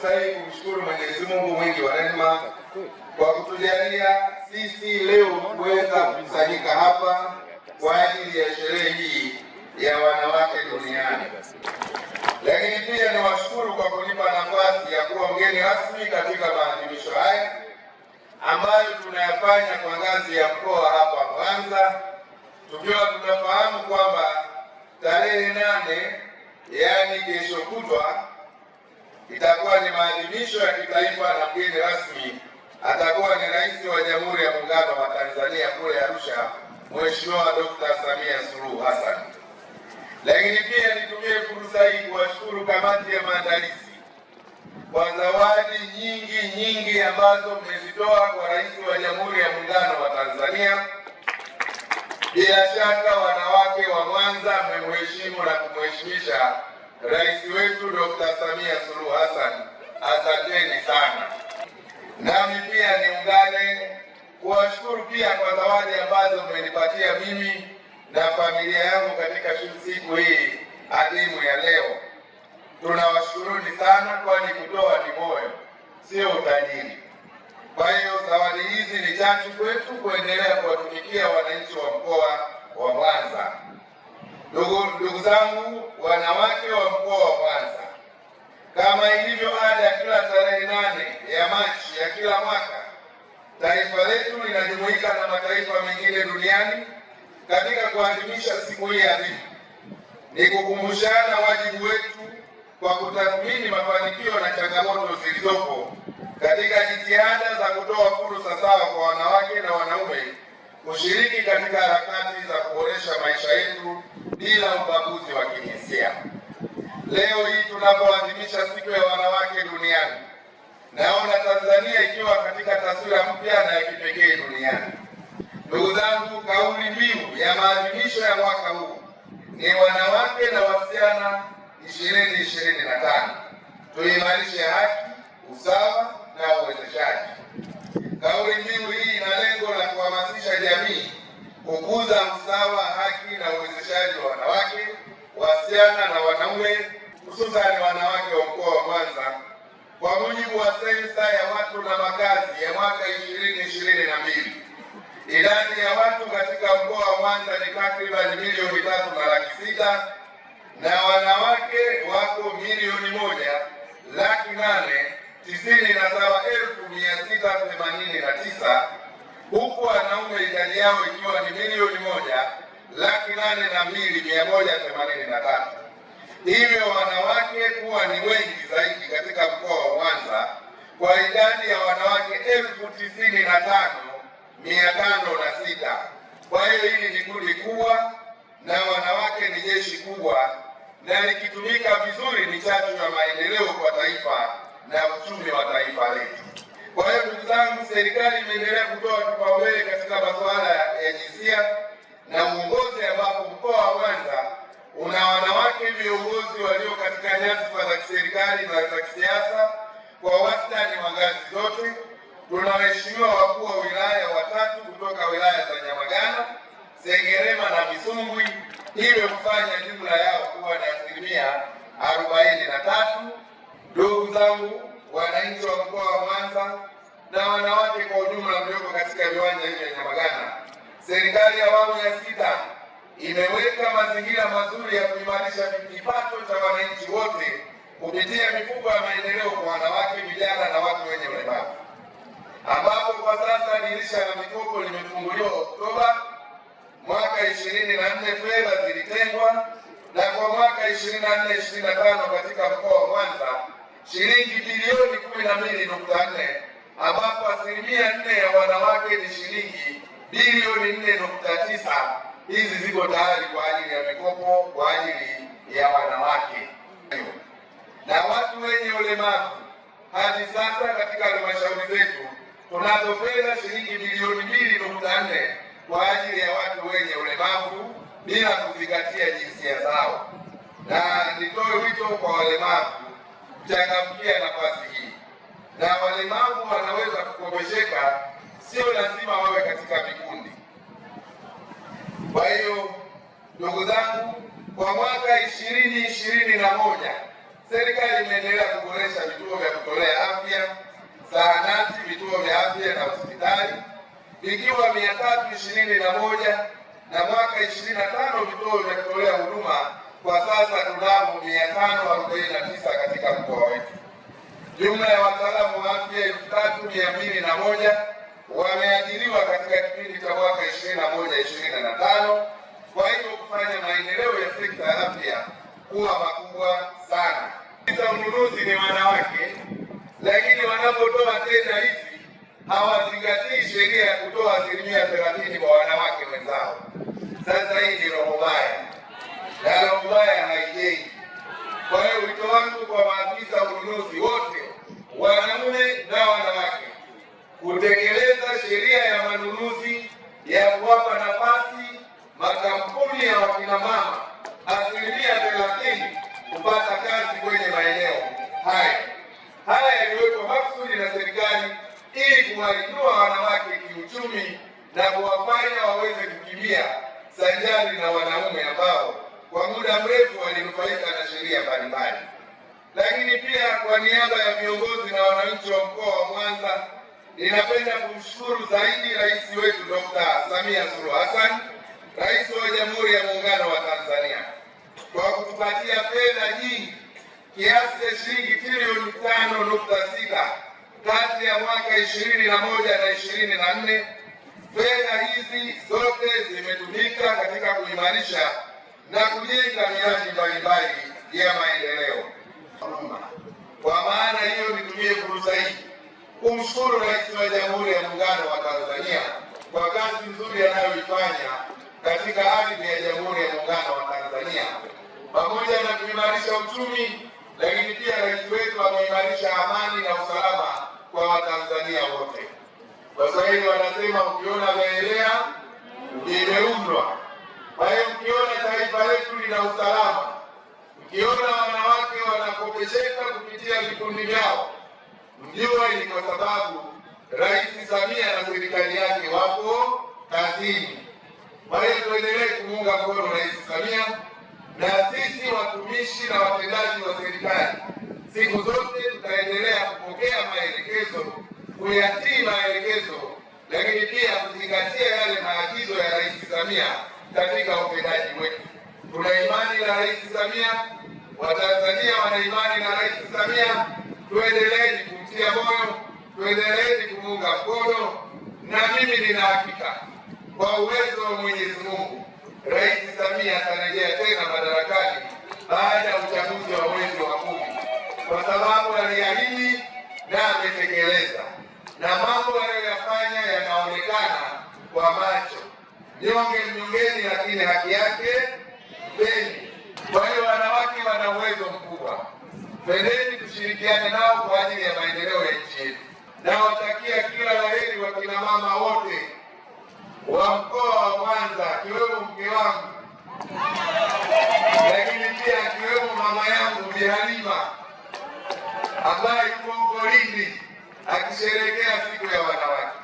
fursa hii kumshukuru Mwenyezi Mungu mwingi wa rehema kwa kutujalia sisi leo kuweza kukusanyika hapa kwa ajili ya sherehe hii ya wanawake duniani, lakini pia niwashukuru kwa kunipa nafasi ya kuwa mgeni rasmi katika maadhimisho haya ambayo tunayafanya kwa ngazi ya mkoa hapa Mwanza, tukiwa tunafahamu kwamba tarehe nane, yaani kesho kutwa itakuwa ni maadhimisho ya kitaifa na mgeni rasmi atakuwa ni Rais wa Jamhuri ya Muungano wa Tanzania kule Arusha, Mheshimiwa dr Samia Suluhu Hassan. Lakini pia nitumie fursa hii kuwashukuru kamati ya maandalizi kwa zawadi nyingi nyingi ambazo mmezitoa kwa Rais wa Jamhuri ya Muungano wa Tanzania. Bila shaka wanawake wa Mwanza mmemheshimu na kumheshimisha Rais wetu Dr. Samia Suluhu Hassan, asanteni sana. Nami pia niungane kuwashukuru pia kwa zawadi ambazo mmenipatia mimi na familia yangu katika siku hii adhimu ya leo. Tunawashukuruni sana, kwani kutoa ni moyo, sio utajiri. Kwa hiyo zawadi hizi ni chachu kwetu kuendelea kuwatumikia wananchi wa mkoa wa Mwanza. Ndugu zangu wanawake wa mkoa wa Mwanza, kama ilivyo ada ya kila tarehe nane ya Machi ya kila mwaka, taifa letu linajumuika na mataifa mengine duniani katika kuadhimisha siku hii adhimu. Ni kukumbushana wajibu wetu kwa kutathmini mafanikio na changamoto zilizopo katika jitihada za kutoa fursa sawa kwa wanawake na wanaume kushiriki katika bila ubaguzi wa kijinsia. Leo hii tunapoadhimisha siku ya wanawake duniani, naona Tanzania ikiwa katika taswira mpya na ya kipekee duniani. Ndugu zangu, kauli mbiu ya maadhimisho ya mwaka huu ni wanawake na wasichana ishirini ishirini na tano, tuimarishe haki, usawa na uwezeshaji. Kauli mbiu hii ina lengo la kuhamasisha jamii kukuza usawa, haki na uwezeshaji wa wanawake, wasichana na wanaume, hususani wanawake wa mkoa wa Mwanza kwa mujibu wa sensa ya watu na makazi ya mwaka ishirini na mbili idadi ya watu katika mkoa wa Mwanza ni takribani milioni tatu na laki sita na wanawake wako milioni moja laki nane tisini na saba elfu mia sita themanini na tisa huku wanaume idadi yao ikiwa ni milioni moja laki nane na mbili mia moja themanini na tatu hivyo wanawake kuwa ni wengi zaidi katika mkoa wa Mwanza kwa idadi ya wanawake elfu tisini na tano mia tano na sita. Kwa hiyo hili ni kundi kubwa, na wanawake ni jeshi kubwa, na likitumika vizuri ni chachu ya maendeleo kwa taifa na uchumi wa taifa letu. Kwa hiyo ndugu zangu, serikali imeendelea kutoa kipaumbele katika masuala ya jinsia na uongozi, ambapo mkoa wa Mwanza una wanawake viongozi walio katika nyadhifa za kiserikali na za kisiasa kwa wastani wa ngazi zote. Tuna waheshimiwa wakuu wa wilaya watatu kutoka wilaya za Nyamagana, Sengerema na Misungwi, hivyo kufanya jumla yao kuwa na asilimia arobaini na tatu. Ndugu zangu wananchi wa mkoa wa Mwanza na wanawake kwa ujumla mlioko katika viwanja hivi vya Nyamagana serikali ya awamu ya sita imeweka mazingira mazuri ya kuimarisha kipato cha wananchi wote kupitia mifuko ya maendeleo kwa wanawake, vijana na watu wenye ulemavu, ambapo kwa sasa dirisha la mikopo limefunguliwa Oktoba mwaka ishirini na nne. Fedha zilitengwa na kwa mwaka ishirini na nne ishirini na tano katika mkoa wa Mwanza shilingi bilioni kumi na mbili nukta nne ambapo asilimia nne ya wanawake ni shilingi bilioni nne nukta tisa hizi ziko tayari kwa ajili ya mikopo kwa ajili ya wanawake na watu wenye ulemavu. Hadi sasa katika halmashauri zetu tunazo fedha shilingi bilioni mbili nukta nne kwa ajili ya watu wenye ulemavu bila kuzingatia jinsia zao, na nitoe wito kwa walemavu kuchangamkia nafasi hii, na walemavu wanaweza kukomesheka sio lazima wawe katika vikundi. Kwa hiyo ndugu zangu, kwa mwaka ishirini ishirini na moja serikali imeendelea kuboresha vituo vya kutolea afya, zahanati, vituo vya afya na hospitali vikiwa mia tatu ishirini na moja na mwaka ishirini na tano vituo vya kutolea huduma kwa sasa tunamo mia tano arobaini na tisa katika mkoa wetu. Jumla ya wataalamu wa afya elfu tatu mia mbili na moja wameajiriwa katika kipindi cha mwaka ishirini na moja ishirini na tano kwa hivyo kufanya maendeleo ya sekta ya afya kuwa makubwa sana. Za mnunuzi ni wanawake, lakini wanapotoa tenda hizi hawazingatii sheria ya kutoa asilimia thelathini kwa wanawake wenzao. Sasa hii ni roho mbaya, na roho mbaya haijengi. Kwa hiyo wito wangu kwa maafisa ununuzi wote kuwainua wanawake kiuchumi na kuwafanya waweze kukimbia sanjari na wanaume ambao kwa muda mrefu walinufaika na sheria mbalimbali. Lakini pia kwa niaba ya viongozi na wananchi wa mkoa wa Mwanza, ninapenda kumshukuru zaidi rais wetu Dr. Samia Suluhu Hassan, rais wa Jamhuri ya Muungano wa Tanzania kwa kutupatia fedha nyingi kiasi cha shilingi trilioni tano nukta sita kati ya mwaka ishirini na moja na ishirini na nne. Fedha hizi zote zimetumika katika kuimarisha na kujenga miradi mbalimbali ya maendeleo. Kwa maana hiyo, nitumie fursa hii kumshukuru Rais wa Jamhuri ya Muungano wa Tanzania kwa kazi nzuri anayoifanya katika ardhi ya Jamhuri ya Muungano wa Tanzania, pamoja na kuimarisha uchumi, lakini pia rais wetu ameimarisha amani na usalama kwa Watanzania wote. Waswahili wanasema ukiona umeelea limeundwa. Kwa hiyo mkiona taifa letu lina usalama, mkiona wanawake wanakopesheka kupitia vikundi vyao, mjue ni kwa sababu Rais Samia na serikali yake wapo kazini. Kwa hiyo tuendelee kumuunga mkono Rais Samia na sisi watumishi na watendaji wa serikali siku zote kuyatii maelekezo, lakini pia kuzingatia yale maagizo ya Rais Samia katika utendaji wetu. Tuna imani na Rais Samia, Watanzania wana imani na Rais Samia. Tuendeleeni kumtia moyo, tuendeleeni kumuunga mkono, na mimi nina hakika kwa uwezo wa Mwenyezi Mungu Rais Samia atarejea tena madarakani baada ya uchaguzi wa mwezi wa kumi, kwa sababu aliahidi na ametekeleza na mambo yanayoyafanya yanaonekana kwa macho. Nyonge mnyongeni, lakini haki yake peni. Kwa hiyo wanawake wana uwezo mkubwa, pendeni tushirikiane nao kwa ajili ya maendeleo ya nchi yetu. Nawatakia kila la heri wakina mama wote wa mkoa wa Mwanza, akiwemo mke wangu lakini pia akiwemo mama yangu Bi Halima ambaye yuko Lindi akisherekea siku ya wanawake.